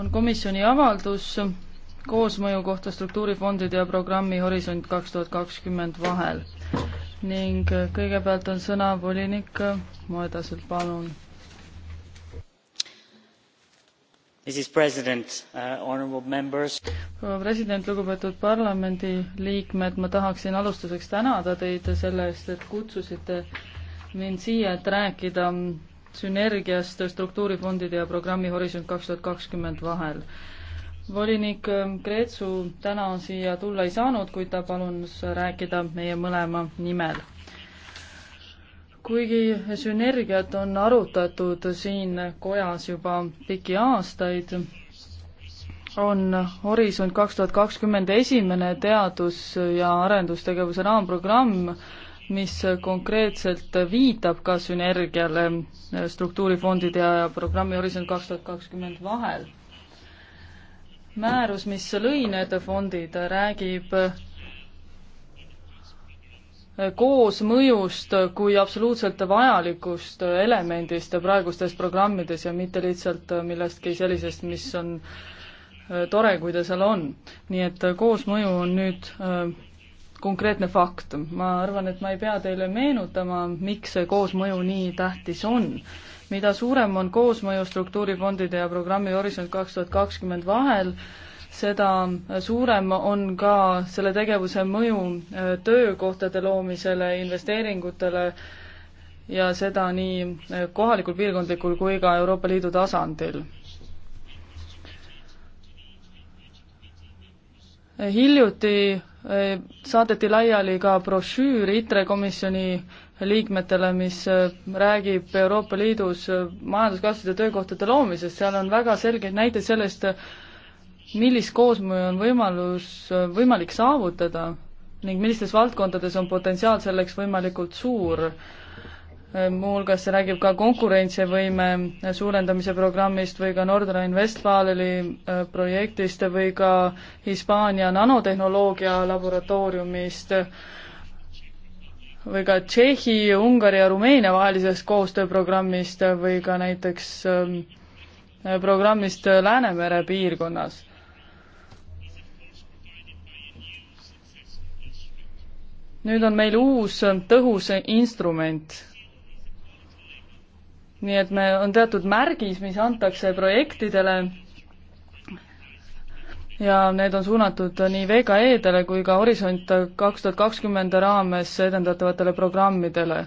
on komisjoni avaldus koosmõju kohta struktuurifondide ja programmi Horisont kaks tuhat kakskümmend vahel. ning kõigepealt on sõna volinik Moedaselt, palun. Mrs President uh,, honorable members. proua president, lugupeetud parlamendiliikmed, ma tahaksin alustuseks tänada teid selle eest, et kutsusite mind siia, et rääkida sünergiast struktuurifondide ja programmi Horisont kaks tuhat kakskümmend vahel. volinik Kreetsu ähm, täna siia tulla ei saanud, kuid ta palus rääkida meie mõlema nimel kuigi sünergiat on arutatud siin kojas juba pikki aastaid, on Horisont kaks tuhat kakskümmend esimene teadus- ja arendustegevuse raamprogramm mis konkreetselt viitab ka sünergiale struktuurifondide ja programmi Horisont kaks tuhat kakskümmend vahel. määrus, mis lõi need fondid, räägib koosmõjust kui absoluutselt vajalikust elemendist praegustes programmides ja mitte lihtsalt millestki sellisest, mis on tore, kui ta seal on. nii et koosmõju on nüüd konkreetne fakt. ma arvan, et ma ei pea teile meenutama, miks see koosmõju nii tähtis on. mida suurem on koosmõju struktuurifondide ja programmi Horisont kaks tuhat kakskümmend vahel, seda suurem on ka selle tegevuse mõju äh, töökohtade loomisele, investeeringutele ja seda nii äh, kohalikul, piirkondlikul kui ka Euroopa Liidu tasandil hiljuti eh, saadeti laiali ka brošüür ITRE komisjoni liikmetele, mis eh, räägib Euroopa Liidus eh, majanduskasvude töökohtade loomisest, seal on väga selgeid näiteid sellest, millist koosmõju on võimalus, võimalik saavutada ning millistes valdkondades on potentsiaal selleks võimalikult suur. Äh, muuhulgas see räägib ka konkurentsivõime suurendamise programmist või ka Nordrhein-Westfaleni äh, projektist või ka Hispaania nanotehnoloogia laboratooriumist või ka Tšehhi, Ungari ja Rumeenia vahelisest koostööprogrammist või ka näiteks ähm, äh, programmist Läänemere piirkonnas nüüd on meil uus tõhus instrument nii et me, on teatud märgis, mis antakse projektidele ja need on suunatud nii VKE-dele kui ka Horisont kaks tuhat kakskümmend raames edendatavatele programmidele.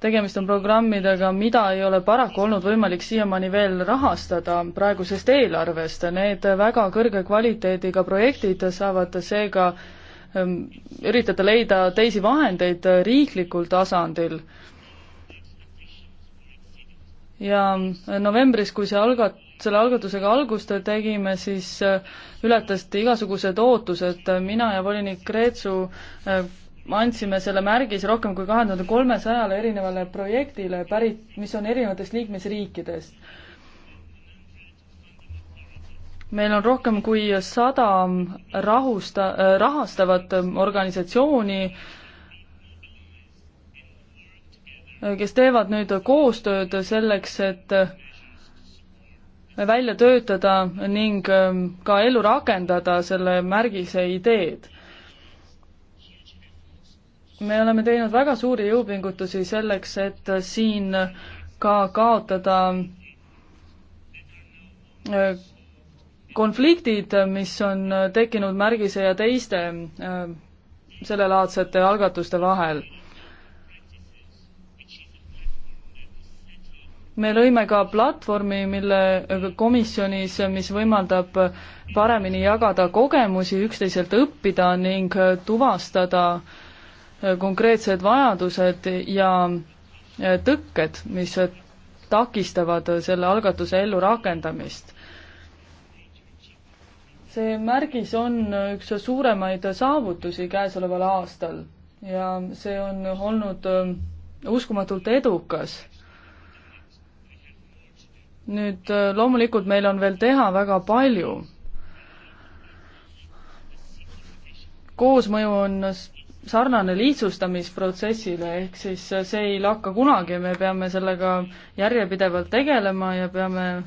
tegemist on programmidega, mida ei ole paraku olnud võimalik siiamaani veel rahastada praegusest eelarvest, need väga kõrge kvaliteediga projektid saavad seega ähm, üritada leida teisi vahendeid riiklikul tasandil ja novembris, kui see algat-, selle algatusega algust tegime, siis äh, ületasid igasugused ootused, mina ja volinik Kreetsu äh, andsime selle märgis rohkem kui kahe tuhande kolmesajale erinevale projektile pärit, mis on erinevatest liikmesriikidest. meil on rohkem kui sada rahusta-, äh, rahastavat organisatsiooni, kes teevad nüüd koostööd selleks, et välja töötada ning ähm, ka ellu rakendada selle märgise ideed. me oleme teinud väga suuri jõupingutusi selleks, et siin ka kaotada äh, konfliktid, mis on tekkinud märgise ja teiste äh, sellelaadsete algatuste vahel me lõime ka platvormi, mille komisjonis, mis võimaldab paremini jagada kogemusi, üksteiselt õppida ning tuvastada konkreetsed vajadused ja tõkked, mis takistavad selle algatuse ellurakendamist. see märgis on üks suuremaid saavutusi käesoleval aastal ja see on olnud uskumatult edukas nüüd äh, loomulikult meil on veel teha väga palju. koosmõju on sarnane lihtsustamisprotsessile, ehk siis äh, see ei lakka kunagi, me peame sellega järjepidevalt tegelema ja peame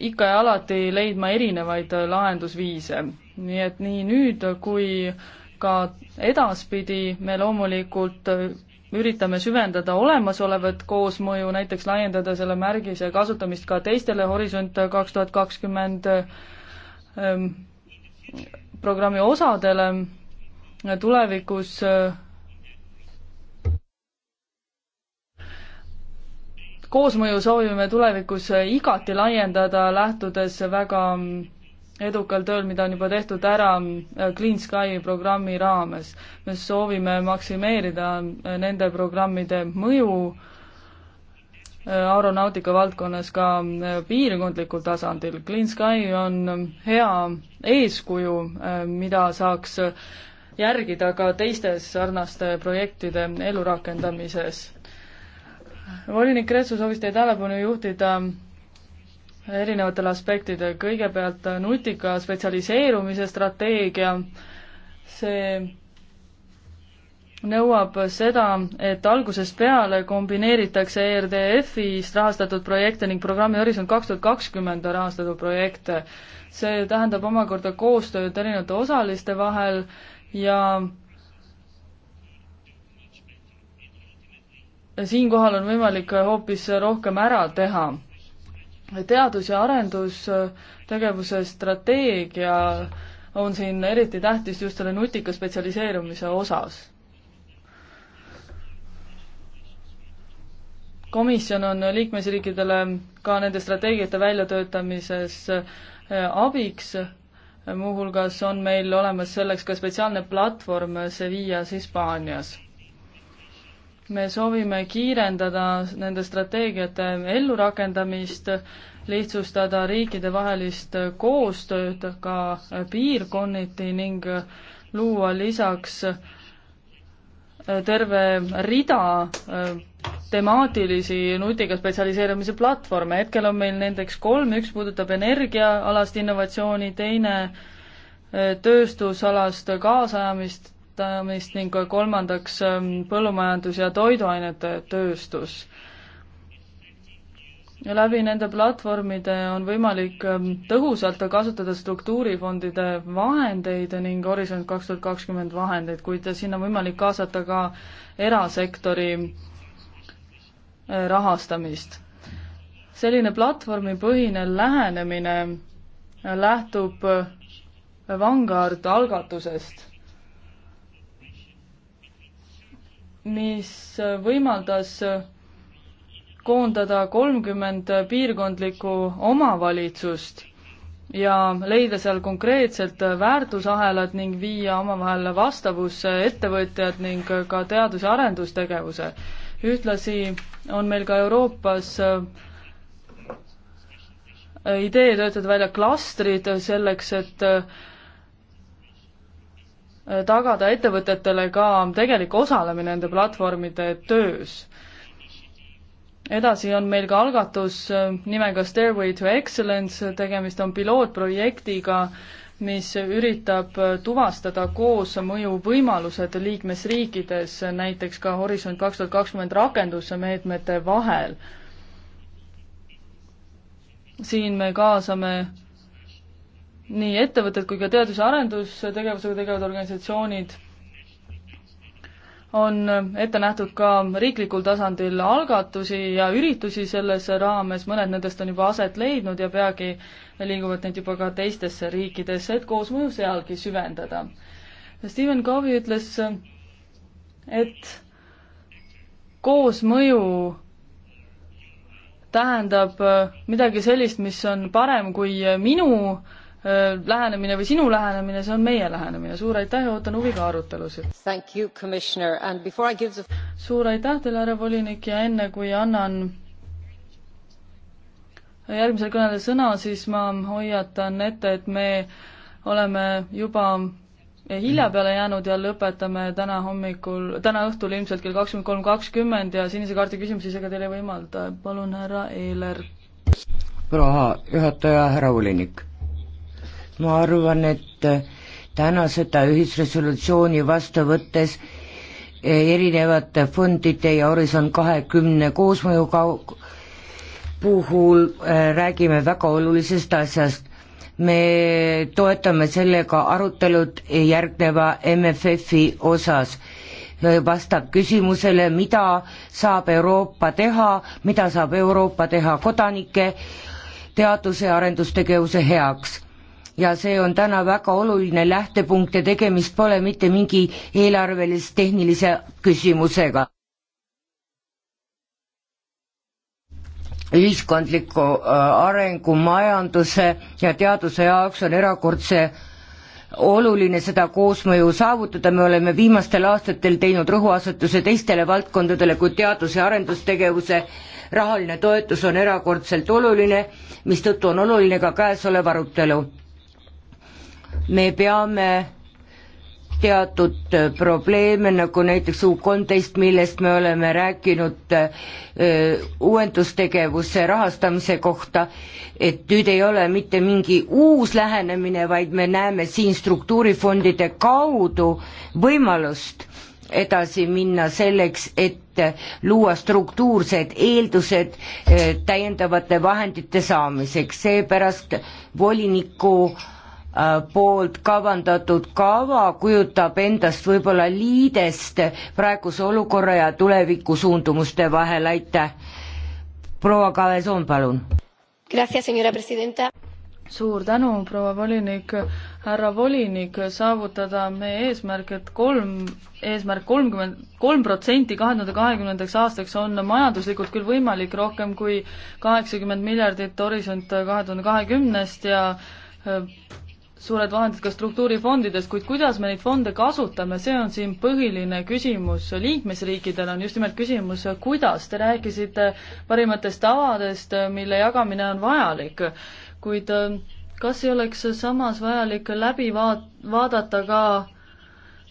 ikka ja alati leidma erinevaid äh, lahendusviise. nii et nii nüüd kui ka edaspidi me loomulikult üritame süvendada olemasolevat koosmõju, näiteks laiendada selle märgise kasutamist ka teistele Horisont kaks tuhat kakskümmend ähm, programmi osadele tulevikus äh, koosmõju soovime tulevikus igati laiendada, lähtudes väga edukal tööl, mida on juba tehtud ära äh, Clean Sky programmi raames. me soovime maksimeerida äh, nende programmide mõju äh, aeronautika valdkonnas ka piirkondlikul tasandil. Clean Sky on hea eeskuju, mida saaks järgida ka teistes sarnaste projektide elurakendamises. volinik Kretsu soovis teie tähelepanu juhtida erinevatele aspektidele, kõigepealt nutika spetsialiseerumise strateegia, see nõuab seda, et algusest peale kombineeritakse ERDF-ist rahastatud projekte ning programmi Horisont kaks tuhat kakskümmend rahastatud projekte. see tähendab omakorda koostööd erinevate osaliste vahel ja siinkohal on võimalik hoopis rohkem ära teha teadus- ja arendustegevuse strateegia on siin eriti tähtis just selle nutika spetsialiseerumise osas. komisjon on liikmesriikidele ka nende strateegiate väljatöötamises eh, abiks, muuhulgas on meil olemas selleks ka spetsiaalne platvorm Sevillas Hispaanias me soovime kiirendada nende strateegiate ellurakendamist, lihtsustada riikidevahelist koostööd ka piirkonniti ning luua lisaks äh, terve rida äh, temaatilisi nutika spetsialiseerumise platvorme, hetkel on meil nendeks kolm, üks puudutab energiaalast innovatsiooni, teine äh, tööstusalast kaasajamist toetamist ning kolmandaks ähm, põllumajandus- ja toiduainete tööstus. ja läbi nende platvormide on võimalik ähm, tõhusalt kasutada struktuurifondide vahendeid ning Horisont kaks tuhat kakskümmend vahendeid, kuid sinna on võimalik kaasata ka erasektori äh, rahastamist. selline platvormipõhine lähenemine äh, lähtub äh, Vanguard algatusest mis võimaldas koondada kolmkümmend piirkondlikku omavalitsust ja leida seal konkreetselt väärtusahelad ning viia omavahel vastavusse ettevõtjad ning ka teadus- ja arendustegevuse. ühtlasi on meil ka Euroopas äh, idee töötada välja klastrid selleks, et äh, Äh, tagada ettevõtetele ka tegelik osalemine nende platvormide töös. edasi on meil ka algatus äh, nimega Stairway to Excellence, tegemist on pilootprojektiga, mis üritab äh, tuvastada koosmõju võimalused liikmesriikides, näiteks ka Horisont kaks tuhat kakskümmend rakendusmeetmete vahel. siin me kaasame nii ettevõtted kui ka teadus- ja arendustegevusega tegelevad organisatsioonid on ette nähtud ka riiklikul tasandil algatusi ja üritusi selles raames, mõned nendest on juba aset leidnud ja peagi liiguvad need juba ka teistesse riikidesse, et koosmõju sealgi süvendada. Stephen Covey ütles, et koosmõju tähendab midagi sellist, mis on parem kui minu äh, Äh, lähenemine või sinu lähenemine, see on meie lähenemine. suur aitäh ja ootan huviga arutelusid. The... suur aitäh teile, härra volinik, ja enne kui annan järgmisele kõnele sõna, siis ma hoiatan ette, et me oleme juba hilja peale jäänud ja lõpetame täna hommikul, täna õhtul ilmselt kell kakskümmend kolm kakskümmend ja sinise kaardi küsimusi seega teile ei võimalda. palun, härra Eeler. proua juhataja, härra volinik ma arvan, et äh, täna seda ühisresolutsiooni vastu võttes äh, erinevate fondide ja Horisont kahekümne koosmõju puhul äh, räägime väga olulisest asjast. me toetame sellega arutelud järgneva MFF-i osas. vastab küsimusele, mida saab Euroopa teha, mida saab Euroopa teha kodanike teaduse ja arendustegevuse heaks ja see on täna väga oluline lähtepunkt ja tegemist pole mitte mingi eelarvelise tehnilise küsimusega. ühiskondliku äh, arengu, majanduse ja teaduse jaoks on erakordse oluline seda koosmõju saavutada, me oleme viimastel aastatel teinud rõhuasetuse teistele valdkondadele, kui teadus- ja arendustegevuse rahaline toetus on erakordselt oluline, mistõttu on oluline ka käesolev arutelu me peame teatud probleeme, nagu näiteks U kolmteist, millest me oleme rääkinud uuendustegevuse rahastamise kohta, et nüüd ei ole mitte mingi uus lähenemine, vaid me näeme siin struktuurifondide kaudu võimalust edasi minna selleks, et luua struktuursed eeldused täiendavate vahendite saamiseks, seepärast voliniku äh, Äh, poolt kavandatud kava kujutab endast võib-olla liidest praeguse olukorra ja tuleviku suundumuste vahel, aitäh. proua Kavesoon, palun. suur tänu, proua volinik, härra volinik, saavutada meie eesmärk, et kolm, eesmärk kolmkümmend, kolm protsenti kahe tuhande kahekümnendaks aastaks on majanduslikult küll võimalik, rohkem kui kaheksakümmend miljardit horisont kahe tuhande kahekümnest ja äh, suured vahendid ka struktuurifondidest, kuid kuidas me neid fonde kasutame, see on siin põhiline küsimus. liikmesriikidel on just nimelt küsimus, kuidas. Te rääkisite parimatest tavadest, mille jagamine on vajalik, kuid äh, kas ei oleks samas vajalik läbi vaat-, vaadata ka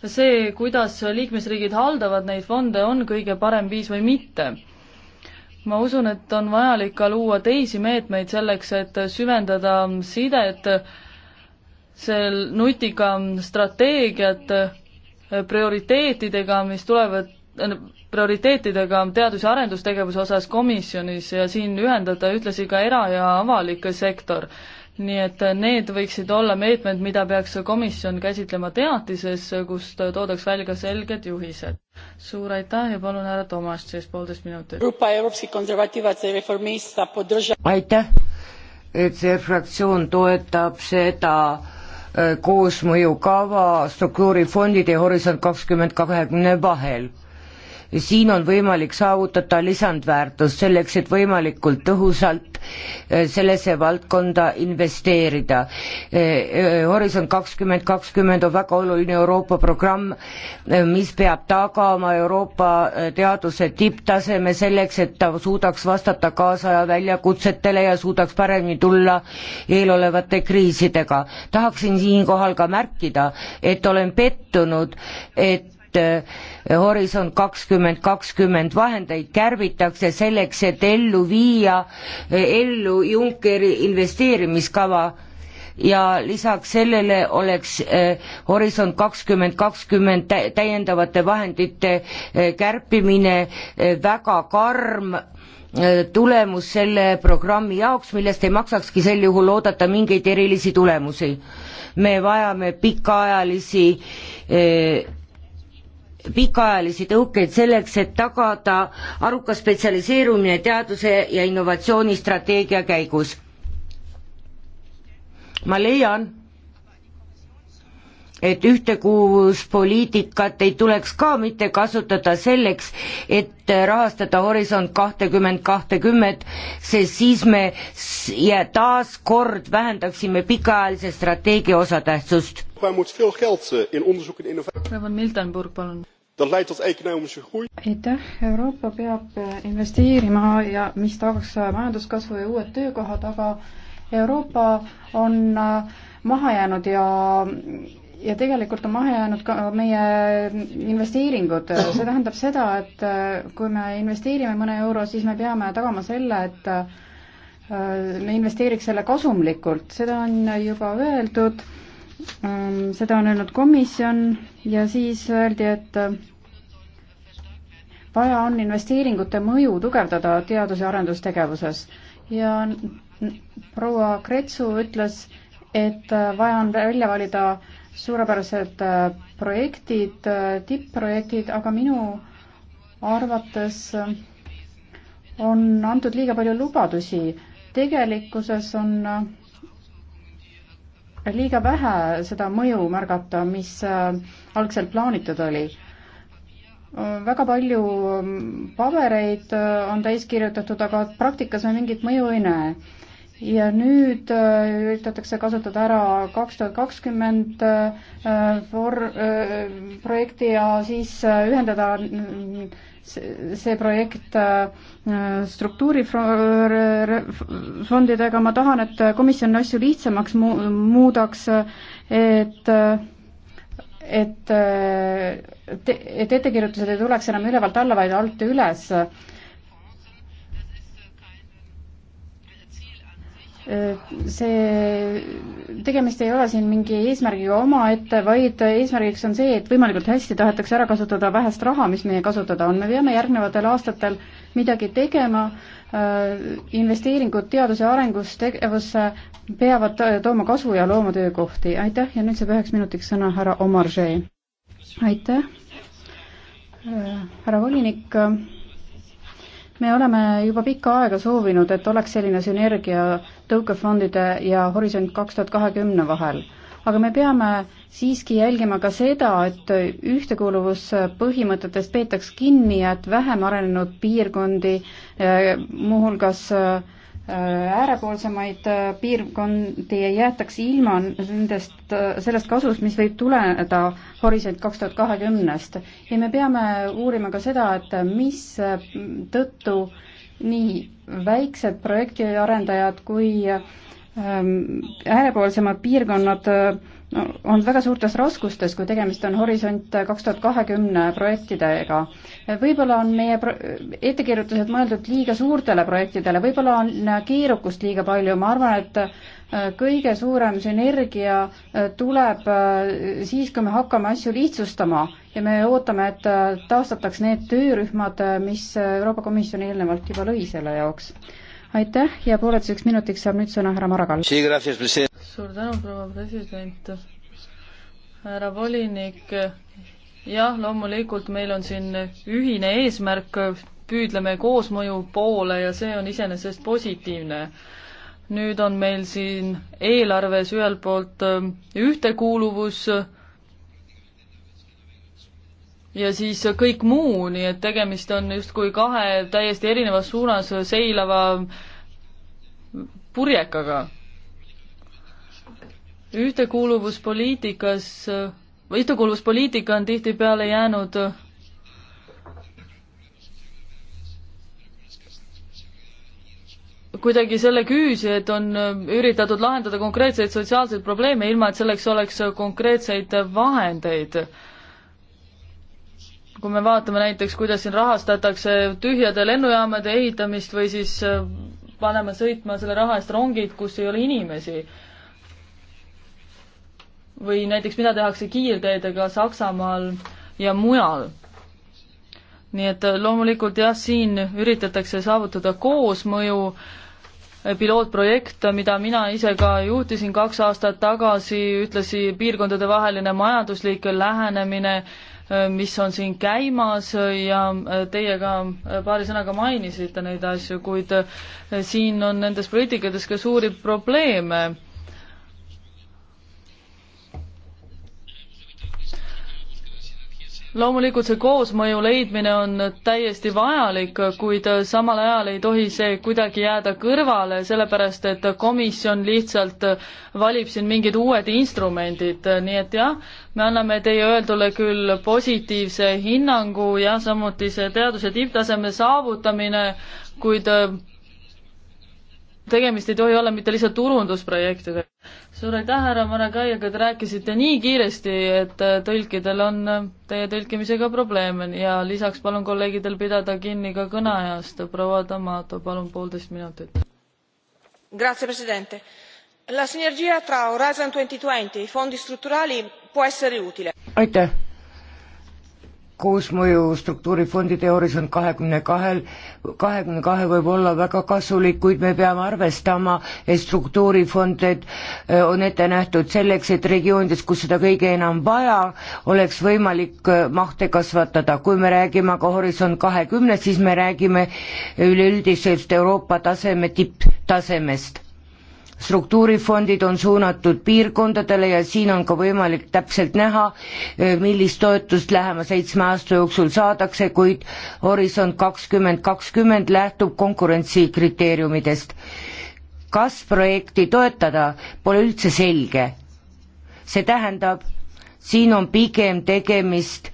see, kuidas liikmesriigid haldavad neid fonde, on kõige parem viis või mitte ma usun, et on vajalik ka luua teisi meetmeid selleks, et süvendada sidet seal nutika strateegiat eh, prioriteetidega, mis tulevad, eh, prioriteetidega teadus- ja arendustegevuse osas komisjonis ja siin ühendada ühtlasi ka era- ja avalik sektor. nii et need võiksid olla meetmed, mida peaks komisjon käsitlema teatises, kust toodaks välja ka selged juhised. suur aitäh ja palun härra Tomast siis poolteist minutit. aitäh, et see fraktsioon toetab seda koosmõjukava struktuurifondide ja Horisont kakskümmend kahekümne vahel siin on võimalik saavutada lisandväärtust selleks, et võimalikult tõhusalt eh, sellesse valdkonda investeerida. Eh, eh, Horisont kakskümmend kakskümmend on väga oluline Euroopa programm, mis peab tagama Euroopa teaduse tipptaseme selleks, et ta suudaks vastata kaasaja väljakutsetele ja suudaks paremini tulla eelolevate kriisidega. tahaksin siinkohal ka märkida, et olen pettunud, et et eh, Horisont kakskümmend kakskümmend vahendeid kärbitakse selleks, et ellu viia eh, ellu Junckeri investeerimiskava ja lisaks sellele oleks eh, Horisont kakskümmend kakskümmend täiendavate vahendite kärpimine väga karm tulemus selle programmi jaoks, millest ei maksakski sel juhul oodata mingeid erilisi tulemusi. me vajame pikaajalisi pikaajalisi tõukeid selleks, et tagada arukas spetsialiseerumine teaduse ja innovatsiooni strateegia käigus. ma leian, et ühtekuuluvuspoliitikat ei tuleks ka mitte kasutada selleks, et rahastada Horisont kahtekümmend kahtekümmet, sest siis me ja taas kord vähendaksime pikaajalise strateegia osatähtsust. Eh, Miltenburg, palun aitäh, Euroopa peab investeerima ja mis tagaks majanduskasvu ja uued töökohad, aga Euroopa on äh, maha jäänud ja ja tegelikult on maha jäänud ka meie investeeringud, see tähendab seda, et äh, kui me investeerime mõne euro, siis me peame tagama selle, et äh, me investeeriks selle kasumlikult, seda on juba öeldud Ähm, seda on öelnud komisjon ja siis öeldi, et äh, vaja on investeeringute mõju tugevdada teadus- ja arendustegevuses ja proua Kretsu ütles, et äh, vaja on välja valida suurepärased äh, projektid, tipp-projektid, aga minu arvates on antud liiga palju lubadusi. tegelikkuses on liiga vähe seda mõju märgata, mis äh, algselt plaanitud oli väga palju mm, pabereid äh, on täis kirjutatud, aga praktikas me mingit mõju ei näe. ja nüüd äh, üritatakse kasutada ära kaks tuhat kakskümmend for-, projekti ja siis ühendada mm, see projekt äh, struktuurifondidega, ma tahan, et komisjon asju lihtsamaks mu-, muudaks, et et et ettekirjutused ei tuleks enam ülevalt alla, vaid alt üles. Äh, see tegemist ei ole siin mingi eesmärgiga omaette, vaid eesmärgiks on see, et võimalikult hästi tahetakse ära kasutada vähest raha, mis meie kasutada on. me peame järgnevatel aastatel midagi tegema, äh, investeeringud teadus- ja arengustegevusse peavad tooma kasu ja looma töökohti. aitäh ja nüüd saab üheks minutiks sõna härra Omar Žee. aitäh, äh, härra volinik äh, me oleme juba pikka aega soovinud, et oleks selline sünergia tõukefondide ja Horisont kaks tuhat kahekümne vahel. aga me peame siiski jälgima ka seda, et ühtekuuluvuspõhimõtetest peetaks kinni ja et vähem arenenud piirkondi, muuhulgas äh, äärepoolsemaid äh, piirkondi ei jäetaks ilma nendest, äh, sellest kasust, mis võib tuleneda Horisont kaks tuhat kahekümnest. ja me peame uurima ka seda, et mis tõttu äh, nii väiksed projektiarendajad kui ähm, äärepoolsemad piirkonnad äh, no, on väga suurtes raskustes, kui tegemist on Horisont kaks tuhat kahekümne projektidega. võib-olla on meie pro-, ettekirjutused mõeldud liiga suurtele projektidele, võib-olla on keerukust liiga palju, ma arvan, et äh, kõige suurem sünergia äh, tuleb äh, siis, kui me hakkame asju lihtsustama ja me ootame, et taastataks need töörühmad, mis Euroopa Komisjon eelnevalt juba lõi selle jaoks aitäh ja pooleteiseks minutiks saab nüüd sõna härra Maragall. suur tänu, proua president härra volinik, jah, loomulikult meil on siin ühine eesmärk, püüdleme koosmõju poole ja see on iseenesest positiivne. nüüd on meil siin eelarves ühelt poolt ähm, ühtekuuluvus ja siis kõik muu, nii et tegemist on justkui kahe täiesti erinevas suunas seilava purjekaga ühtekuuluvuspoliitikas, ühtekuuluvuspoliitika on tihtipeale jäänud kuidagi selle küüsi, et on üritatud lahendada konkreetseid sotsiaalseid probleeme, ilma et selleks oleks konkreetseid vahendeid. kui me vaatame näiteks, kuidas siin rahastatakse tühjade lennujaamade ehitamist või siis paneme sõitma selle raha eest rongid, kus ei ole inimesi või näiteks mida tehakse kiirteedega Saksamaal ja mujal. nii et äh, loomulikult jah, siin üritatakse saavutada koosmõju, äh, pilootprojekt, äh, mida mina ise ka juhtisin kaks aastat tagasi, ühtlasi piirkondadevaheline majanduslik lähenemine, mis on siin käimas ja teie ka paari sõnaga mainisite neid asju, kuid siin on nendes poliitikates ka suuri probleeme loomulikult see koosmõju leidmine on täiesti vajalik, kuid samal ajal ei tohi see kuidagi jääda kõrvale, sellepärast et komisjon lihtsalt valib siin mingid uued instrumendid, nii et jah, me anname teie öeldule küll positiivse hinnangu ja samuti see teaduse tipptaseme saavutamine, kuid tegemist ei tohi olla mitte lihtsalt turundusprojektidega. suur aitäh, härra Maragai, aga te rääkisite nii kiiresti, et äh, tõlkidel on äh, teie tõlkimisega probleeme ja lisaks palun kolleegidel pidada kinni ka kõneajast. proua Tamato, palun poolteist minutit. Grazie, president. La sinergia tra Horizon 2020 fondi strukturali può essere utile. aitäh koosmõju struktuurifondide horisont kahekümne kahel, kahekümne kahe võib olla väga kasulik, kuid me peame arvestama, et struktuurifondid äh, on ette nähtud selleks, et regioonides, kus seda kõige enam vaja, oleks võimalik äh, mahte kasvatada. kui me räägime aga horisont kahekümnest, siis me räägime üleüldisest Euroopa taseme tipptasemest struktuurifondid on suunatud piirkondadele ja siin on ka võimalik täpselt näha, eh, millist toetust lähema seitsme aasta jooksul saadakse, kuid Horisont kakskümmend kakskümmend lähtub konkurentsikriteeriumidest. kas projekti toetada, pole üldse selge. see tähendab, siin on pigem tegemist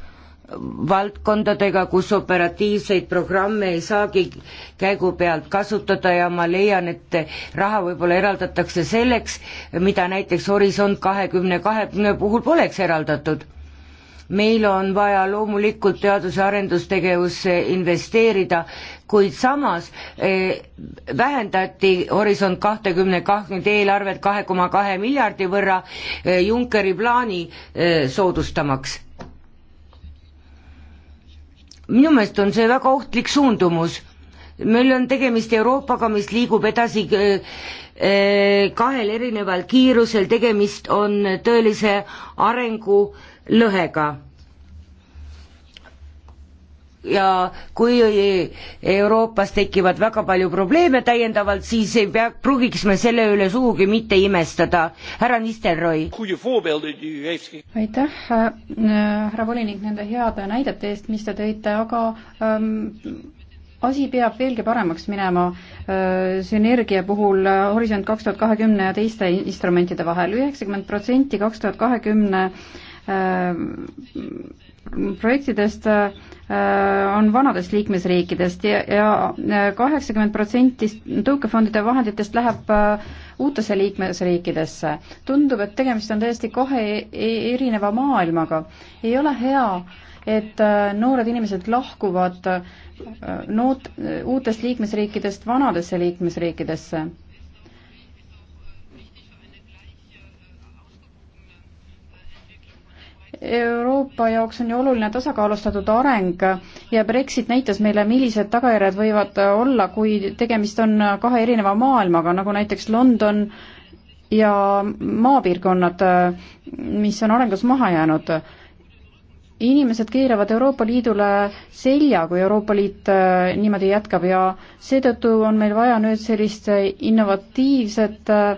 valdkondadega, kus operatiivseid programme ei saagi käigu pealt kasutada ja ma leian, et raha võib-olla eraldatakse selleks, mida näiteks Horisont kahekümne kahekümne puhul poleks eraldatud. meil on vaja loomulikult teadus- ja arendustegevusse investeerida, kuid samas eh, vähendati Horisont kahtekümne kahekümne eelarvet kahe koma kahe miljardi võrra eh, Junckeri plaani eh, soodustamaks minu meelest on see väga ohtlik suundumus. meil on tegemist Euroopaga, mis liigub edasi äh, äh, kahel erineval kiirusel, tegemist on tõelise arengu lõhega ja kui Euroopas tekivad väga palju probleeme täiendavalt, siis ei pea, pruugiks me selle üle sugugi mitte imestada. härra Nistelrooy. aitäh, äh, härra volinik, nende heade näidete eest, mis te tõite, aga ähm, asi peab veelgi paremaks minema äh, sünergia puhul äh, Horisont kaks tuhat kahekümne ja teiste instrumentide vahel. üheksakümmend protsenti kaks tuhat kahekümne Äh, projektidest äh, on vanadest liikmesriikidest ja, ja äh, kaheksakümmend protsenti tõukefondide vahenditest läheb uutesse liikmesriikidesse. tundub, et tegemist on täiesti kahe e, e, erineva maailmaga. ei ole hea, et noored inimesed lahkuvad noot-, uutest liikmesriikidest vanadesse liikmesriikidesse Euroopa jaoks on ju oluline tasakaalustatud areng ja Brexit näitas meile, millised tagajärjed võivad olla, kui tegemist on kahe erineva maailmaga, nagu näiteks London ja maapiirkonnad, mis on arengus maha jäänud. inimesed keeravad Euroopa Liidule selja, kui Euroopa Liit äh, niimoodi jätkab ja seetõttu on meil vaja nüüd sellist innovatiivset äh,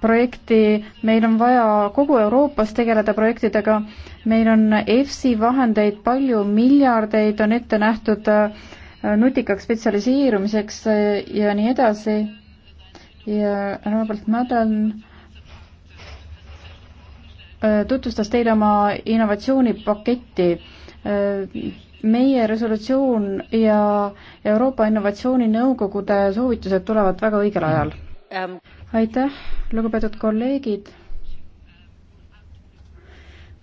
projekti, meil on vaja kogu Euroopas tegeleda projektidega, meil on EFSI vahendeid palju, miljardeid on ette nähtud nutikaks spetsialiseerumiseks ja nii edasi. ja Robert Madden tutvustas teile oma innovatsioonipaketti meie resolutsioon ja Euroopa Innovatsiooninõukogude soovitused tulevad väga õigel mm. ajal. Ähm. aitäh, lugupeetud kolleegid.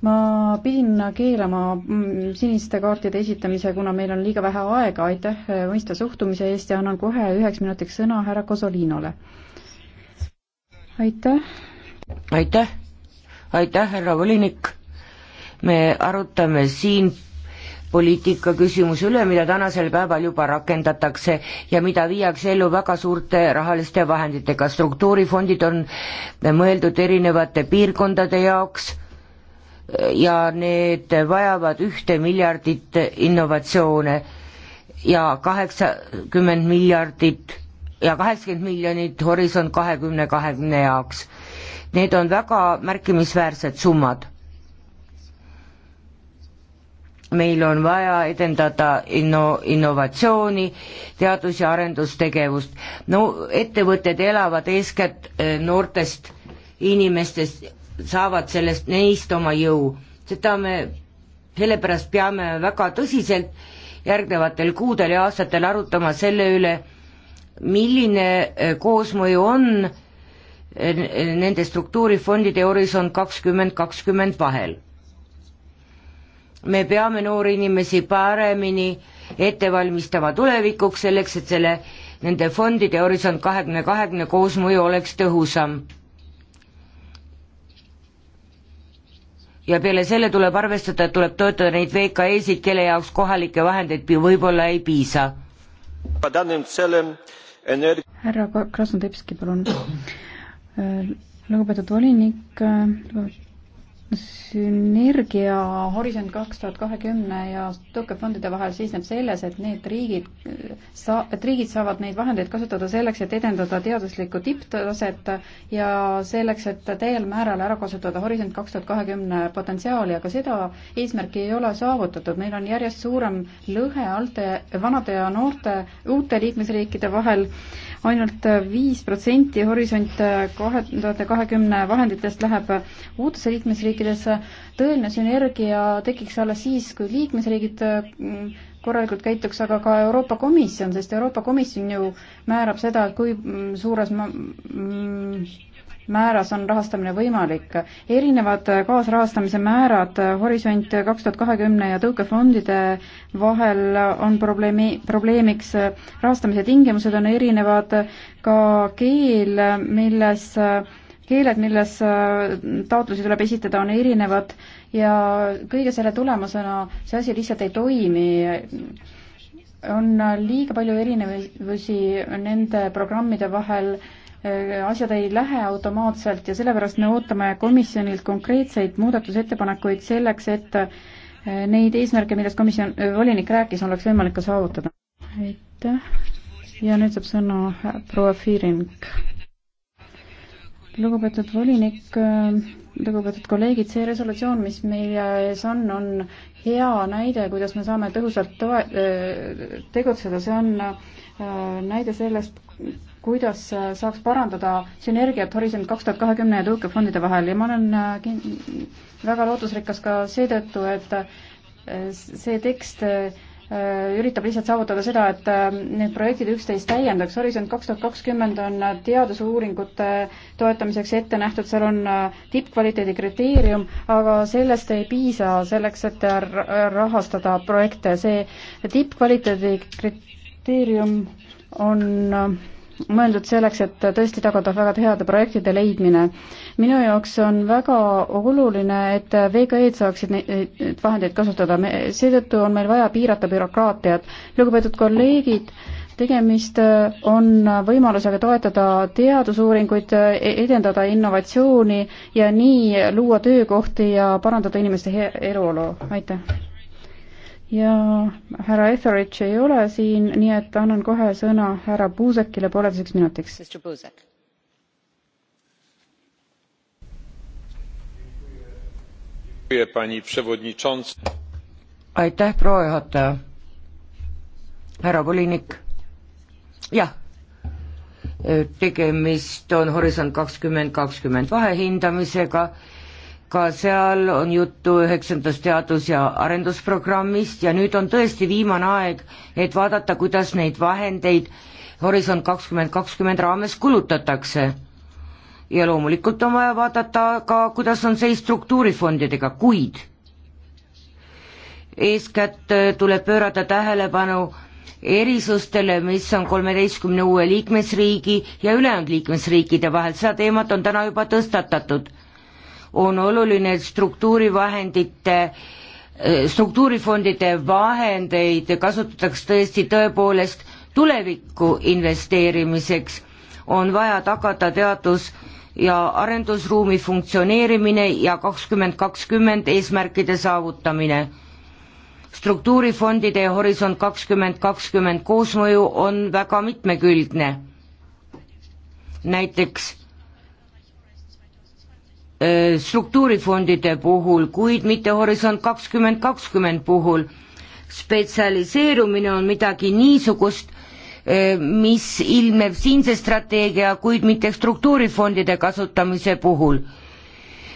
ma pidin keelama mm, siniste kaartide esitamise, kuna meil on liiga vähe aega, aitäh mõista suhtumise eest ja annan kohe üheks minutiks sõna härra Kosolinole. aitäh. aitäh, aitäh, härra volinik. me arutame siin poliitika küsimuse üle, mida tänasel päeval juba rakendatakse ja mida viiakse ellu väga suurte rahaliste vahenditega. struktuurifondid on mõeldud erinevate piirkondade jaoks ja need vajavad ühte miljardit innovatsioone ja kaheksakümmend miljardit ja kaheksakümmend miljonit Horisont kahekümne kahekümne jaoks. Need on väga märkimisväärsed summad meil on vaja edendada inno-, innovatsiooni, teadus- ja arendustegevust. no ettevõtted elavad eeskätt eh, noortest inimestest, saavad sellest, neist oma jõu. seda me, sellepärast peame väga tõsiselt järgnevatel kuudel ja aastatel arutama selle üle, milline eh, koosmõju on eh, nende struktuurifondide Horisont kakskümmend kakskümmend vahel me peame noori inimesi paremini ette valmistama tulevikuks, selleks et selle, nende fondide Horisont kahekümne kahekümne koosmõju oleks tõhusam. ja peale selle tuleb arvestada, et tuleb toetada neid VKE-sid, kelle jaoks kohalikke vahendeid võib-olla ei piisa. härra Krasnodebski, palun. lugupeetud volinik, lugupeetud sünergia Horisont kaks tuhat kahekümne ja tõukefondide vahel seisneb selles, et need riigid sa-, et riigid saavad neid vahendeid kasutada selleks, et edendada teaduslikku tipptaset ja selleks, et täiel määral ära kasutada Horisont kaks tuhat kahekümne potentsiaali, aga seda eesmärki ei ole saavutatud. meil on järjest suurem lõhe alte, vanade ja noorte, uute liikmesriikide vahel äh, ainult viis protsenti Horisont kahe tuhande kahekümne vahenditest läheb uutesse liikmesriikidesse. tõeline sünergia tekiks alles siis, kui liikmesriigid mm, korralikult käituks, aga ka Euroopa Komisjon, sest Euroopa Komisjon ju määrab seda, et kui mm, suures ma, mm, määras on rahastamine võimalik. erinevad kaasrahastamise määrad Horisont kaks tuhat kahekümne ja tõukefondide vahel on probleemi, probleemiks, rahastamise tingimused on erinevad, ka keel, milles, keeled, milles taotlusi tuleb esitada, on erinevad ja kõige selle tulemusena see asi lihtsalt ei toimi on liiga palju erinevusi nende programmide vahel äh, Äh, asjad ei lähe automaatselt ja sellepärast me ootame komisjonilt konkreetseid muudatusettepanekuid selleks, et äh, neid eesmärke, millest komisjon, äh, volinik rääkis, oleks võimalik ka saavutada. aitäh ja nüüd saab sõna proua Firing. lugupeetud volinik, lugupeetud kolleegid, see resolutsioon, mis meie ees on, on hea näide, kuidas me saame tõhusalt toe-, tegutseda, see on näide sellest, kuidas äh, saaks parandada sünergiat Horisont kaks tuhat kahekümne ja tõukefondide vahel ja ma olen äh, väga lootusrikas ka seetõttu, et äh, see tekst üritab lihtsalt saavutada seda, et need projektid üksteist täiendaks. Horisont kaks tuhat kakskümmend on teadusuuringute toetamiseks ette nähtud, seal on tippkvaliteedi kriteerium, aga sellest ei piisa selleks, et rahastada projekte. see tippkvaliteedi kriteerium on mõeldud selleks, et tõesti tagada väga heade projektide leidmine. minu jaoks on väga oluline, et VKE-d saaksid neid vahendeid kasutada, me, seetõttu on meil vaja piirata bürokraatiat. lugupeetud kolleegid, tegemist on võimalusega toetada teadusuuringuid, e-, edendada innovatsiooni ja nii luua töökohti ja parandada inimeste heaolu, aitäh! ja härra Etheridge ei ole siin, nii et annan kohe sõna härra Puusekile pooleteiseks minutiks. aitäh, proua juhataja. härra volinik. jah, tegemist on Horisont kakskümmend kakskümmend vahehindamisega ka seal on juttu üheksandast teadus- ja arendusprogrammist ja nüüd on tõesti viimane aeg, et vaadata, kuidas neid vahendeid Horisont kakskümmend kakskümmend raames kulutatakse. ja loomulikult on vaja vaadata ka, kuidas on seis struktuurifondidega, kuid eeskätt tuleb pöörata tähelepanu erisustele, mis on kolmeteistkümne uue liikmesriigi ja ülejäänud liikmesriikide vahel, seda teemat on täna juba tõstatatud on oluline, et struktuurivahendite eh, struktuurifondide vahendeid kasutatakse tõesti tõepoolest tulevikku investeerimiseks, on vaja tagada teadus- ja arendusruumi funktsioneerimine ja kakskümmend kakskümmend eesmärkide saavutamine. struktuurifondide ja Horisont kakskümmend kakskümmend koosmõju on väga mitmekülgne. näiteks Äh, struktuurifondide puhul, kuid mitte Horisont kakskümmend kakskümmend puhul. spetsialiseerumine on midagi niisugust, äh, mis ilmneb siinse strateegia, kuid mitte struktuurifondide kasutamise puhul.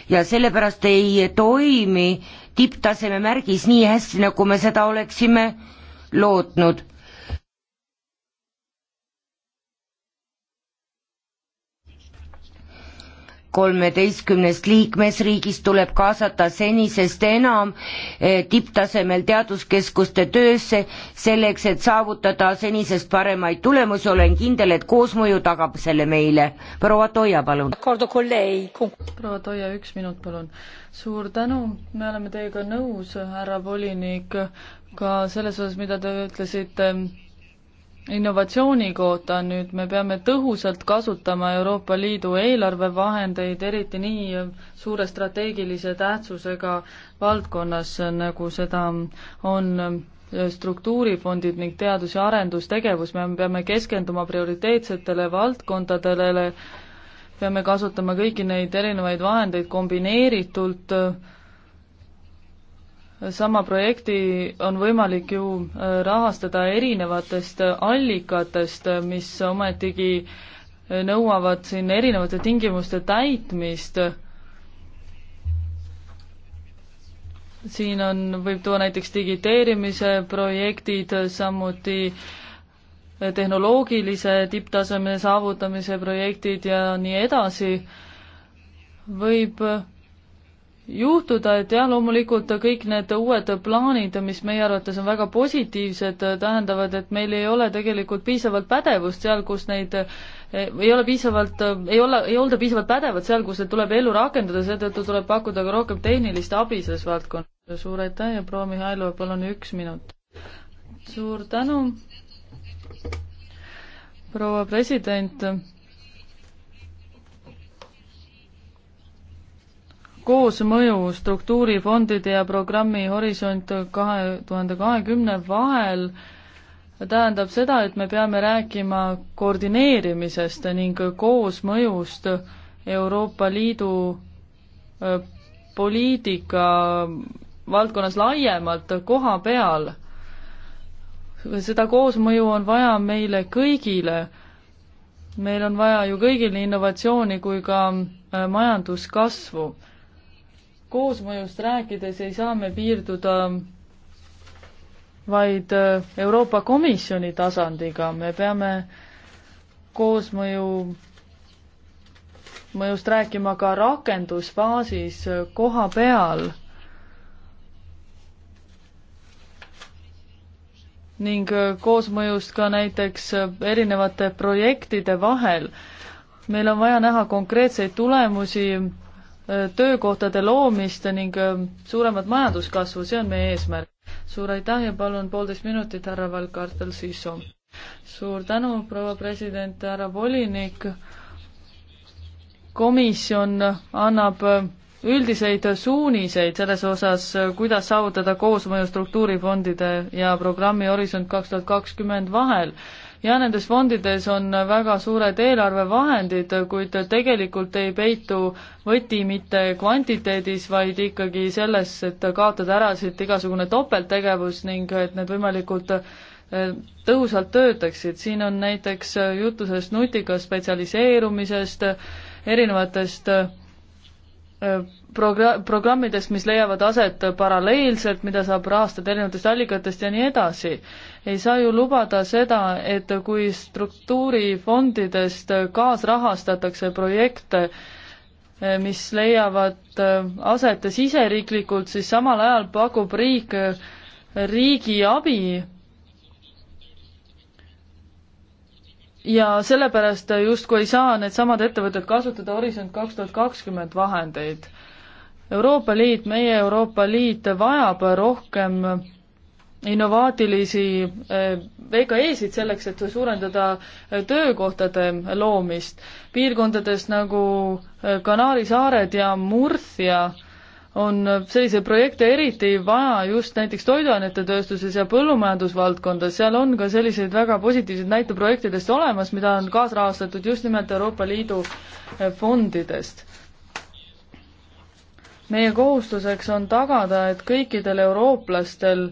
ja sellepärast ei toimi tipptaseme märgis nii hästi, nagu me seda oleksime lootnud kolmeteistkümnest liikmesriigist tuleb kaasata senisest enam eh, tipptasemel teaduskeskuste töösse, selleks et saavutada senisest paremaid tulemusi, olen kindel, et koosmõju tagab selle meile. proua Toia, palun. proua Toia, üks minut, palun. suur tänu, me oleme teiega nõus, härra volinik, ka selles osas, mida te ütlesite innovatsiooni kohta nüüd me peame tõhusalt kasutama Euroopa Liidu eelarvevahendeid, eriti nii suure strateegilise tähtsusega valdkonnas, nagu seda on struktuurifondid ning teadus- ja arendustegevus, me peame keskenduma prioriteetsetele valdkondadele, peame kasutama kõiki neid erinevaid vahendeid kombineeritult äh, sama projekti on võimalik ju äh, rahastada erinevatest äh, allikatest, äh, mis ometigi nõuavad siin erinevate tingimuste täitmist. siin on, võib tuua näiteks digiteerimise projektid, samuti tehnoloogilise tipptaseme saavutamise projektid ja nii edasi, võib juhtuda, et jah, loomulikult kõik need uued plaanid, mis meie arvates on väga positiivsed, tähendavad, et meil ei ole tegelikult piisavalt pädevust seal, kus neid ei ole piisavalt, ei ole, ei olda piisavalt pädevad seal, kus need tuleb ellu rakendada, seetõttu tuleb pakkuda ka rohkem tehnilist abi selles valdkonnas. suur aitäh ja proua Mihhailova, palun üks minut. suur tänu, proua president koosmõju struktuurifondide ja programmi Horisont kahe tuhande kahekümne vahel tähendab seda, et me peame rääkima koordineerimisest ning koosmõjust Euroopa Liidu äh, poliitika valdkonnas laiemalt koha peal. seda koosmõju on vaja meile kõigile. meil on vaja ju kõigil innovatsiooni kui ka äh, majanduskasvu koosmõjust rääkides ei saa me piirduda vaid äh, Euroopa Komisjoni tasandiga, me peame koosmõju, mõjust rääkima ka rakendusfaasis äh, koha peal. ning äh, koosmõjust ka näiteks erinevate projektide vahel. meil on vaja näha konkreetseid tulemusi töökohtade loomist ning suuremat majanduskasvu, see on meie eesmärk. suur aitäh ja palun poolteist minutit, härra Valkartel Sisso. suur tänu, proua president, härra volinik. komisjon annab üldiseid suuniseid selles osas, kuidas saavutada koosmõju struktuurifondide ja programmi Horisont kaks tuhat kakskümmend vahel ja nendes fondides on väga suured eelarvevahendid, kuid tegelikult ei peitu võti mitte kvantiteedis, vaid ikkagi selles, et kaotada ära siit igasugune topelttegevus ning et need võimalikult eh, tõhusalt töötaksid, siin on näiteks juttu sellest nutika spetsialiseerumisest, erinevatest eh, progra-, programmidest, mis leiavad aset paralleelselt, mida saab rahastada erinevatest allikatest ja nii edasi. ei saa ju lubada seda, et kui struktuurifondidest kaasrahastatakse projekte, mis leiavad aset siseriiklikult, siis samal ajal pakub riik riigi abi ja sellepärast justkui ei saa needsamad ettevõtted kasutada Horisont kaks tuhat kakskümmend vahendeid Euroopa Liit, meie Euroopa Liit vajab rohkem innovaatilisi eh, VKE-sid selleks, et suurendada eh, töökohtade loomist. piirkondades nagu eh, Kanaari saared ja Murcia on selliseid projekte eriti vaja just näiteks toiduainete tööstuses ja põllumajandusvaldkondas, seal on ka selliseid väga positiivseid näiteprojektidest olemas, mida on kaasrahastatud just nimelt Euroopa Liidu fondidest meie kohustuseks on tagada, et kõikidel eurooplastel,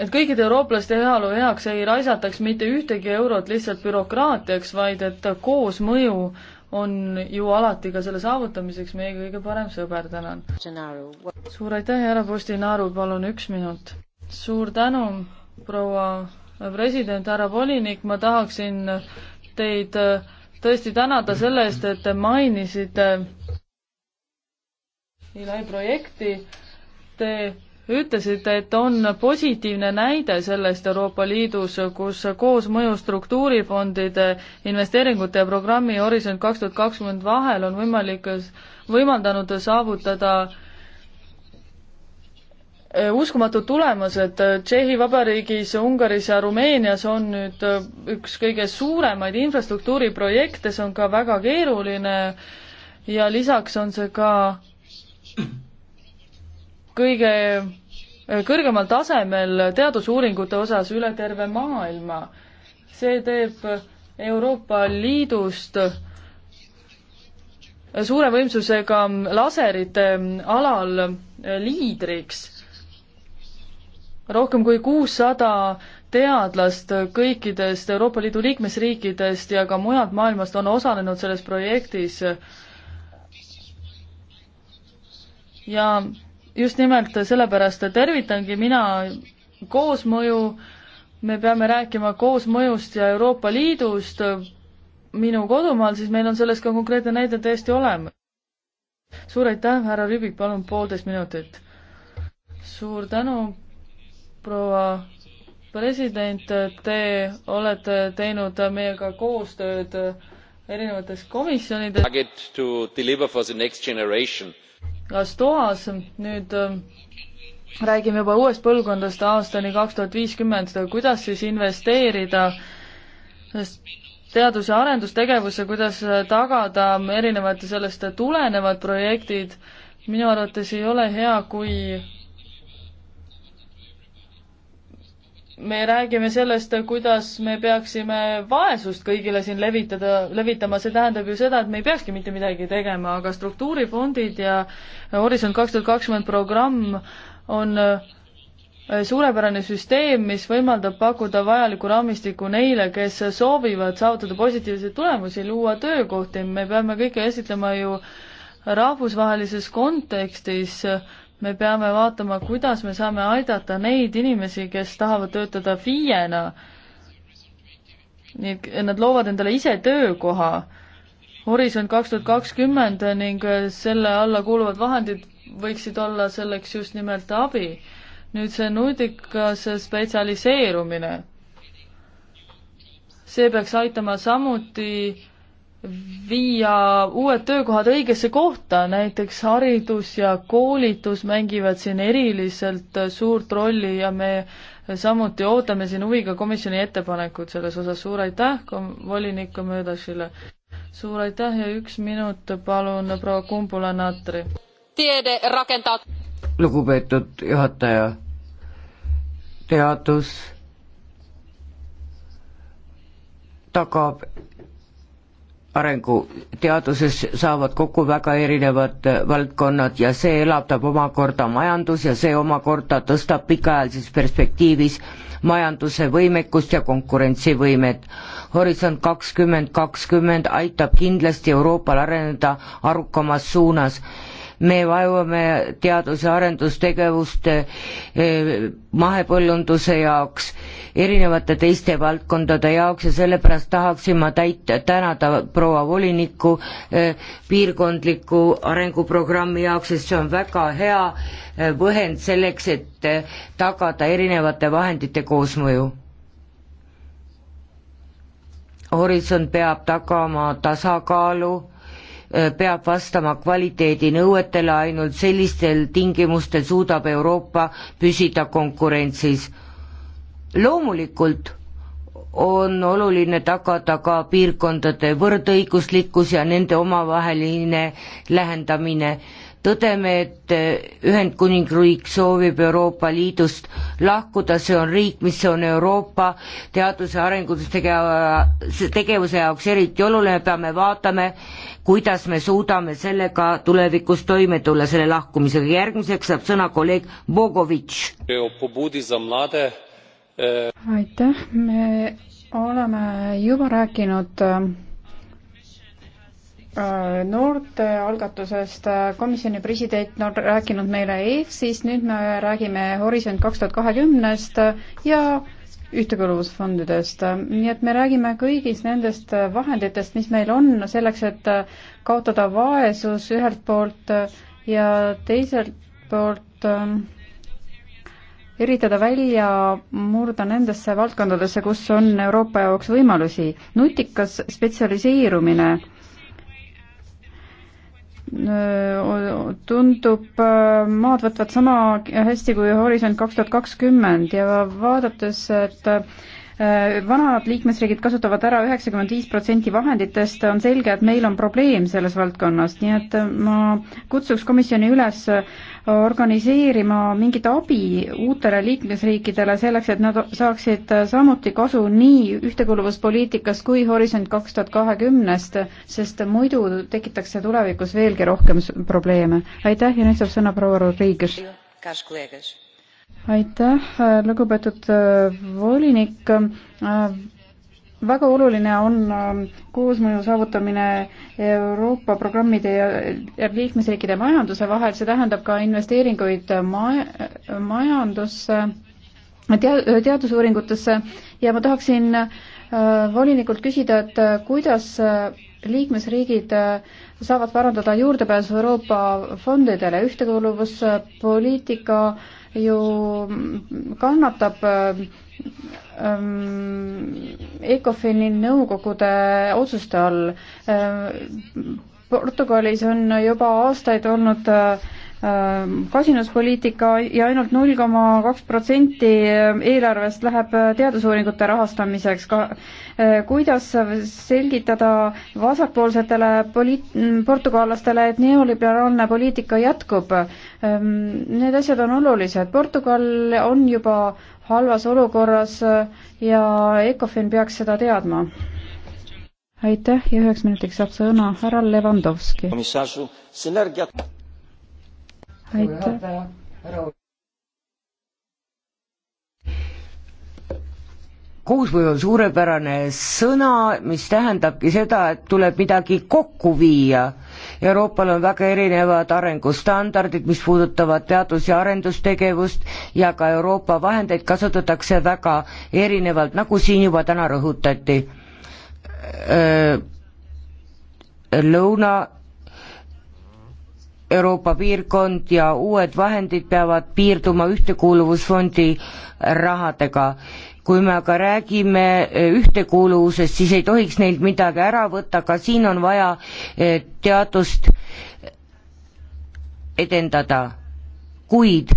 et kõikide eurooplaste heaolu heaks ei raisataks mitte ühtegi eurot lihtsalt bürokraatiaks, vaid et koosmõju on ju alati ka selle saavutamiseks meie kõige parem sõber, tänan. suur aitäh, härra Postinaru, palun üks minut. suur tänu, proua president, härra volinik, ma tahaksin teid äh, tõesti tänada selle eest, et te mainisite Ilai projekti. Te ütlesite, et on positiivne näide sellest Euroopa Liidus, kus koosmõju struktuurifondide investeeringute ja programmi Horisont kaks tuhat kakskümmend vahel on võimalik, võimaldanud saavutada Äh, uskumatud tulemused. Äh, Tšehhi Vabariigis, Ungaris ja Rumeenias on nüüd äh, üks kõige suuremaid infrastruktuuriprojekte, see on ka väga keeruline ja lisaks on see ka kõige kõrgemal tasemel teadusuuringute osas üle terve maailma. see teeb Euroopa Liidust suure võimsusega laserite alal liidriks rohkem kui kuussada teadlast kõikidest Euroopa Liidu liikmesriikidest ja ka mujalt maailmast on osalenud selles projektis. ja just nimelt sellepärast tervitangi mina koosmõju, me peame rääkima koosmõjust ja Euroopa Liidust minu kodumaal, siis meil on selles ka konkreetne näide täiesti olemas. suur aitäh, härra Rüübik, palun poolteist minutit. suur tänu, proua president, te olete teinud meiega koostööd erinevates komisjonides. ka STOAS, nüüd ähm, räägime juba uuest põlvkondast aastani kaks tuhat viiskümmend, kuidas siis investeerida teadus- ja arendustegevusse, kuidas tagada erinevad sellest tulenevad projektid, minu arvates ei ole hea, kui me räägime sellest, kuidas me peaksime vaesust kõigile siin levitada, levitama, see tähendab ju seda, et me ei peakski mitte midagi tegema, aga struktuurifondid ja Horisont kaks tuhat kakskümmend programm on äh, suurepärane süsteem, mis võimaldab pakkuda vajalikku raamistikku neile, kes soovivad saavutada positiivseid tulemusi, luua töökohti, me peame kõike esitlema ju rahvusvahelises kontekstis, me peame vaatama, kuidas me saame aidata neid inimesi, kes tahavad töötada FIE-na. nii et nad loovad endale ise töökoha. Horisont kaks tuhat kakskümmend ning selle alla kuuluvad vahendid võiksid olla selleks just nimelt abi. nüüd see nutikas spetsialiseerumine. see peaks aitama samuti viia uued töökohad õigesse kohta, näiteks haridus ja koolitus mängivad siin eriliselt suurt rolli ja me samuti ootame siin huviga komisjoni ettepanekuid selles osas, suur aitäh volinik Möödasile. suur aitäh ja üks minut palun proua Kumbula-Natri. lugupeetud juhataja, teadus tagab arenguteaduses saavad kokku väga erinevad valdkonnad ja see elavdab omakorda majandus ja see omakorda tõstab pikaajalises perspektiivis majanduse võimekust ja konkurentsivõimet. Horisont kakskümmend kakskümmend aitab kindlasti Euroopal areneda arukamas suunas me vajume teadus- ja arendustegevuste eh, mahepõllunduse jaoks, erinevate teiste valdkondade jaoks ja sellepärast tahaksin ma täit-, tänada proua volinikku eh, piirkondliku arenguprogrammi jaoks, sest see on väga hea eh, võhend selleks, et tagada erinevate vahendite koosmõju Horisont peab tagama tasakaalu peab vastama kvaliteedinõuetele, ainult sellistel tingimustel suudab Euroopa püsida konkurentsis. loomulikult on oluline tagada ka piirkondade võrdõiguslikkus ja nende omavaheline lähendamine tõdeme, et Ühendkuningriik soovib Euroopa Liidust lahkuda, see on riik, mis on Euroopa teaduse arengutegevuse jaoks eriti oluline, peame vaatame, kuidas me suudame sellega tulevikus toime tulla, selle lahkumisega. järgmiseks saab sõna kolleeg Bogovitš. aitäh, me oleme juba rääkinud äh, noorte algatusest, komisjoni president on rääkinud meile EFSist, nüüd me räägime Horisont kaks tuhat kahekümnest ja ühtekuuluvusfondidest. nii et me räägime kõigist nendest äh, vahenditest, mis meil on selleks, et äh, kaotada vaesus ühelt poolt äh, ja teiselt poolt üritada välja murda nendesse valdkondadesse, kus on Euroopa jaoks võimalusi. nutikas spetsialiseerumine tundub maad võtvat sama hästi kui Horisont kaks tuhat kakskümmend ja vaadates, et Äh, vanad liikmesriigid kasutavad ära üheksakümmend viis protsenti vahenditest, on selge, et meil on probleem selles valdkonnas, nii et äh, ma kutsuks komisjoni üles äh, organiseerima mingit abi uutele liikmesriikidele selleks, et nad saaksid samuti kasu nii ühtekuuluvuspoliitikast kui Horisont kaks tuhat kahekümnest, sest muidu tekitakse tulevikus veelgi rohkem probleeme. aitäh ja nüüd saab sõna proua Rodriguez aitäh, lugupeetud äh, volinik äh, väga oluline on ähm, koosmõju saavutamine Euroopa programmide ja liikmesriikide majanduse vahel, see tähendab ka investeeringuid ma-, majandusse, tea-, teadusuuringutesse ja ma tahaksin äh, volinikult küsida, et kuidas liikmesriigid saavad parandada juurdepääsu Euroopa fondidele, ühtekuuluvuspoliitika äh, ju kannatab ähm, ECOFIN-i nõukogude otsuste all. Äh, Portugalis on juba aastaid olnud ähm, kasinuspoliitika ja ainult null koma kaks protsenti eelarvest läheb teadusuuringute rahastamiseks. Äh, kuidas selgitada vasakpoolsetele poliit-, portugallastele, et neoliberaalne poliitika jätkub? Ehm, need asjad on olulised. Portugal on juba halvas olukorras eh, ja Ecofin peaks seda teadma. aitäh ja üheks minutiks saab sõna härra Levandovski. aitäh. koosmõju on suurepärane sõna, mis tähendabki seda, et tuleb midagi kokku viia Euroopal on väga erinevad arengustandardid, mis puudutavad teadus- ja arendustegevust ja ka Euroopa vahendeid kasutatakse väga erinevalt, nagu siin juba täna rõhutati. Äh, Lõuna Euroopa piirkond ja uued vahendid peavad piirduma Ühtekuuluvusfondi rahadega kui me aga räägime eh, ühtekuuluvusest, siis ei tohiks neilt midagi ära võtta, ka siin on vaja eh, teadust edendada. kuid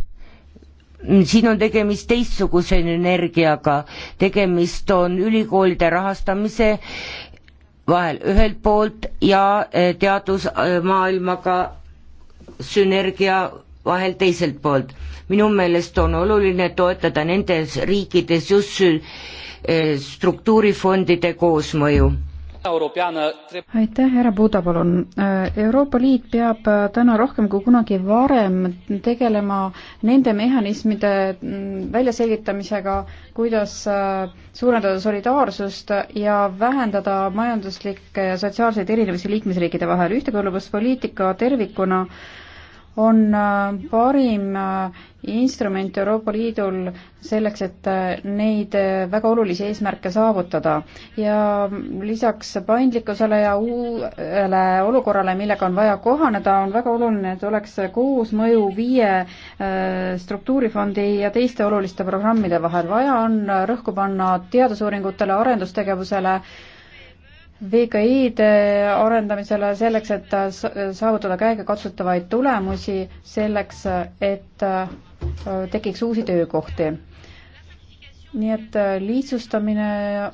siin on tegemist teistsuguse energiaga, tegemist on ülikoolide rahastamise vahel ühelt poolt ja eh, teadusmaailmaga sünergia vahel teiselt poolt. minu meelest on oluline toetada nendes riikides just eh, struktuurifondide koosmõju aitäh, härra Buda, palun. Eh, Euroopa Liit peab eh, täna rohkem kui kunagi varem tegelema nende mehhanismide mm, väljaselgitamisega, kuidas suurendada solidaarsust ja vähendada majanduslikke ja sotsiaalseid erinevusi liikmesriikide vahel. ühtekõlbuspoliitika tervikuna äh, on äh, parim äh, instrument Euroopa Liidul selleks, et äh, neid väga olulisi eesmärke saavutada. ja lisaks paindlikkusele ja uuele olukorrale, millega on vaja kohaneda, on väga oluline, et oleks koosmõju viie struktuurifondi ja teiste oluliste programmide vahel. vaja on rõhku panna teadusuuringutele, arendustegevusele, VKI-de äh, arendamisele selleks, et saavutada käegakatsutavaid tulemusi, selleks, et äh, tekiks uusi töökohti nii et äh, lihtsustamine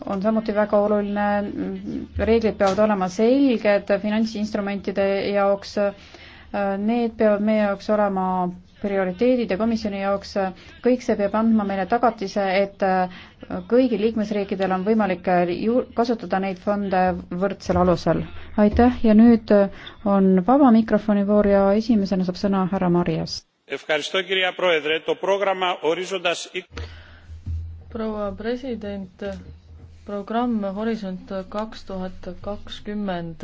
on samuti väga oluline, reeglid peavad olema selged finantsinstrumentide jaoks, need peavad meie jaoks olema prioriteedid ja komisjoni jaoks, äh, kõik see peab andma meile tagatise, et äh, kõigil liikmesriikidel on võimalik äh, ju-, kasutada neid fonde võrdsel alusel. aitäh ja nüüd on vaba mikrofoni voor ja esimesena saab sõna härra Marias. proua president, programm Horisont kaks tuhat kakskümmend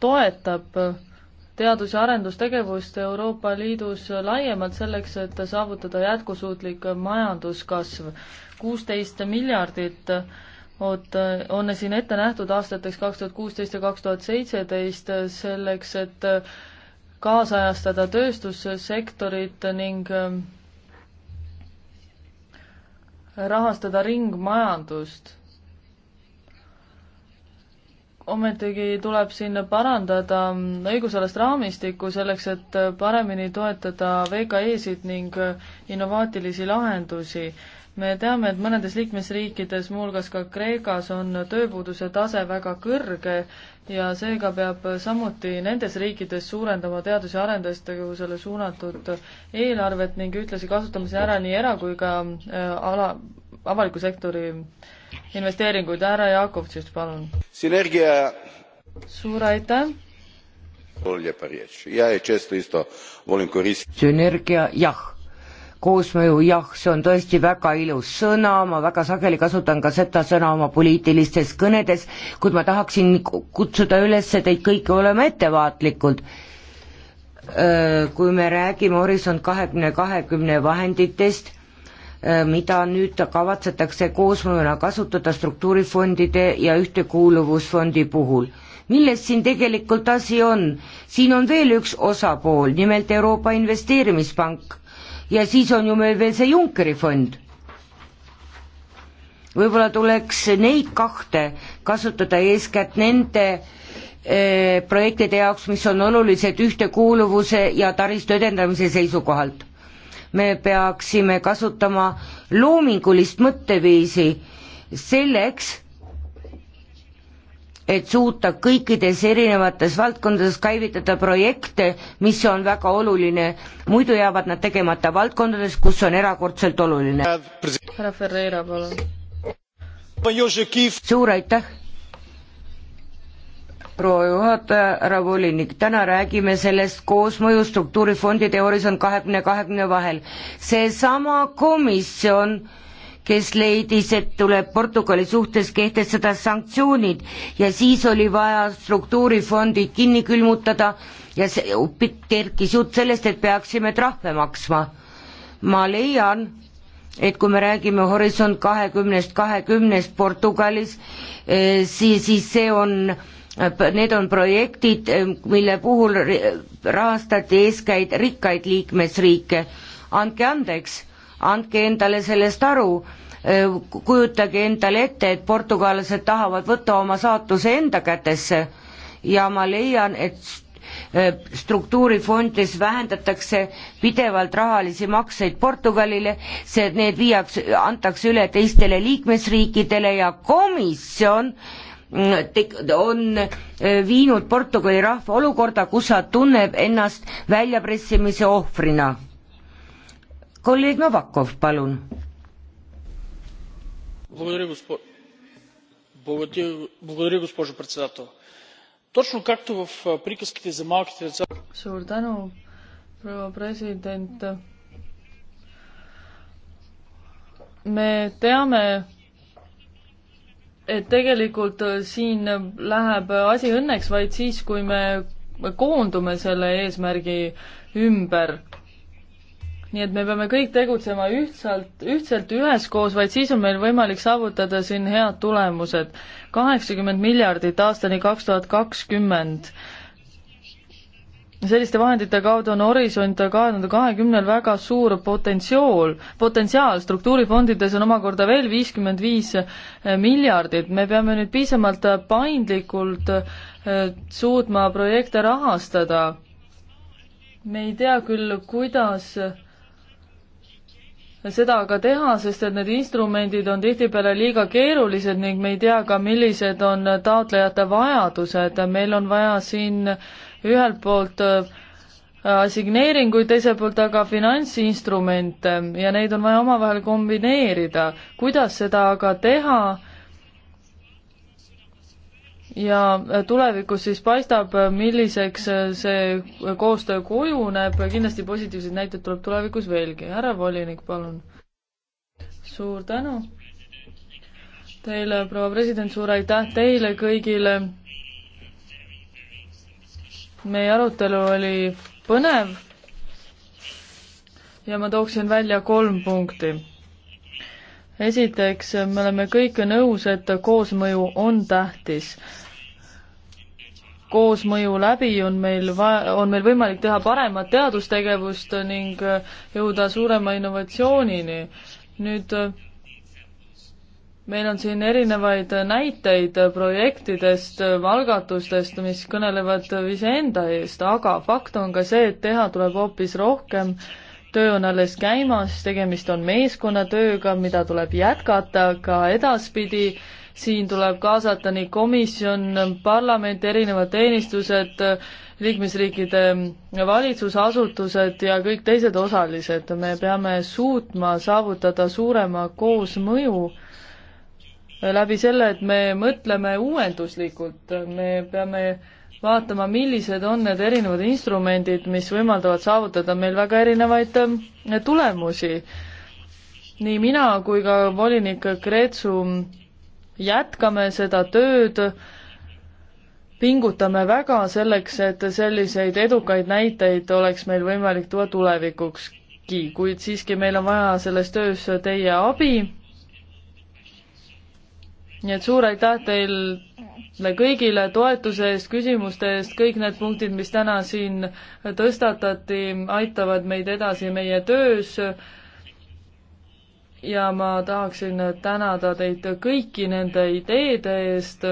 toetab teadus- ja arendustegevust Euroopa Liidus laiemalt selleks, et saavutada jätkusuutlik majanduskasv. kuusteist miljardit oot, on siin ette nähtud aastateks kaks tuhat kuusteist ja kaks tuhat seitseteist selleks, et kaasajastada tööstussektorit ning ähm, rahastada ringmajandust ometigi tuleb siin parandada õigusalast raamistikku selleks, et paremini toetada VKE-sid ning innovaatilisi lahendusi. me teame, et mõnedes liikmesriikides, muuhulgas ka Kreekas, on tööpuuduse tase väga kõrge ja seega peab samuti nendes riikides suurendama teadus- ja arendustegevusele suunatud eelarvet ning ühtlasi kasutama see ära nii era- kui ka äh, ala, avaliku sektori äh, investeeringuid. härra Jakovtšist, palun. sünergia. suur aitäh. sünergia, jah koosmõju, jah, see on tõesti väga ilus sõna, ma väga sageli kasutan ka seda sõna oma poliitilistes kõnedes, kuid ma tahaksin kutsuda üles teid kõiki olema ettevaatlikud. kui me räägime Horisont kahekümne kahekümne vahenditest, Äh, mida nüüd kavatsetakse koosmõjuna kasutada struktuurifondide ja ühtekuuluvusfondi puhul. milles siin tegelikult asi on? siin on veel üks osapool, nimelt Euroopa Investeerimispank ja siis on ju meil veel see Junckeri fond. võib-olla tuleks neid kahte kasutada eeskätt nende äh, projektide jaoks, mis on olulised ühtekuuluvuse ja taristu edendamise seisukohalt me peaksime kasutama loomingulist mõtteviisi selleks, et suuta kõikides erinevates valdkondades käivitada projekte, mis on väga oluline, muidu jäävad nad tegemata valdkondades, kus on erakordselt oluline. härra Ferreira, palun. suur aitäh proua juhataja, härra volinik, täna räägime sellest koosmõju struktuurifondide Horisont kahekümne kahekümne vahel. seesama komisjon kes leidis, et tuleb Portugali suhtes kehtestada sanktsioonid ja siis oli vaja struktuurifondid kinni külmutada ja see kerkis jutt sellest, et peaksime trahve maksma. ma leian, et kui me räägime Horisont kahekümnest kahekümnest Portugalis, eh, siis, siis see on Need on projektid, mille puhul rahastati eeskätt rikkaid liikmesriike. andke andeks, andke endale sellest aru, kujutage endale ette, et portugallased tahavad võtta oma saatuse enda kätesse ja ma leian, et struktuurifondides vähendatakse pidevalt rahalisi makseid Portugalile, see, need viiakse, antakse üle teistele liikmesriikidele ja komisjon äh, on äh, viinud Portugali rahva olukorda, kus ta tunneb ennast väljapressimise ohvrina. kolleeg Novakov, palun. suur tänu, proua president. me teame et tegelikult äh, siin äh, läheb äh, asi õnneks vaid siis, kui me koondume selle eesmärgi ümber. nii et me peame kõik tegutsema ühtsalt, ühtselt üheskoos, vaid siis on meil võimalik saavutada siin head tulemused. kaheksakümmend miljardit aastani kaks tuhat kakskümmend selliste vahendite kaudu on Horisont kahe tuhande kahekümnel väga suur potentsiool, potentsiaal, struktuurifondides on omakorda veel viiskümmend viis eh, miljardit, me peame nüüd piisavalt paindlikult eh, suutma projekte rahastada. me ei tea küll, kuidas eh, seda aga teha, sest et need instrumendid on tihtipeale liiga keerulised ning me ei tea ka, millised on taotlejate vajadused, meil on vaja siin äh, ühelt poolt äh, signeeringuid, teiselt poolt aga finantsinstrumente ja neid on vaja omavahel kombineerida. kuidas seda aga teha, ja tulevikus siis paistab, milliseks see koostöö kujuneb, kindlasti positiivseid näiteid tuleb tulevikus veelgi. härra volinik, palun. suur tänu teile, proua president, suur aitäh teile kõigile meie arutelu oli põnev ja ma tooksin välja kolm punkti. esiteks, me oleme kõik nõus, et koosmõju on tähtis. koosmõju läbi on meil va-, on meil võimalik teha paremat teadustegevust ning jõuda suurema innovatsioonini. nüüd meil on siin erinevaid näiteid projektidest, algatustest, mis kõnelevad iseenda eest, aga fakt on ka see, et teha tuleb hoopis rohkem. töö on alles käimas, tegemist on meeskonnatööga, mida tuleb jätkata ka edaspidi. siin tuleb kaasata nii komisjon, parlament, erinevad teenistused, liikmesriikide valitsusasutused ja kõik teised osalised. me peame suutma saavutada suurema koosmõju läbi selle, et me mõtleme uuenduslikult, me peame vaatama, millised on need erinevad instrumendid, mis võimaldavad saavutada meil väga erinevaid ähm, tulemusi. nii mina kui ka volinik Kreetsu jätkame seda tööd, pingutame väga selleks, et selliseid edukaid näiteid oleks meil võimalik tuua tulevikukski, kuid siiski meil on vaja selles töös teie abi nii et suur aitäh teile kõigile toetuse eest, küsimuste eest, kõik need punktid, mis täna siin tõstatati, aitavad meid edasi meie töös. ja ma tahaksin tänada teid kõiki nende ideede eest.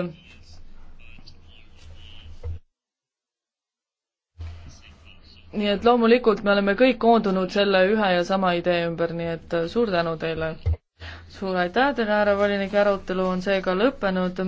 nii et loomulikult me oleme kõik koondunud selle ühe ja sama idee ümber, nii et suur tänu teile! suur aitäh teile, härra volinik, arutelu on seega lõppenud.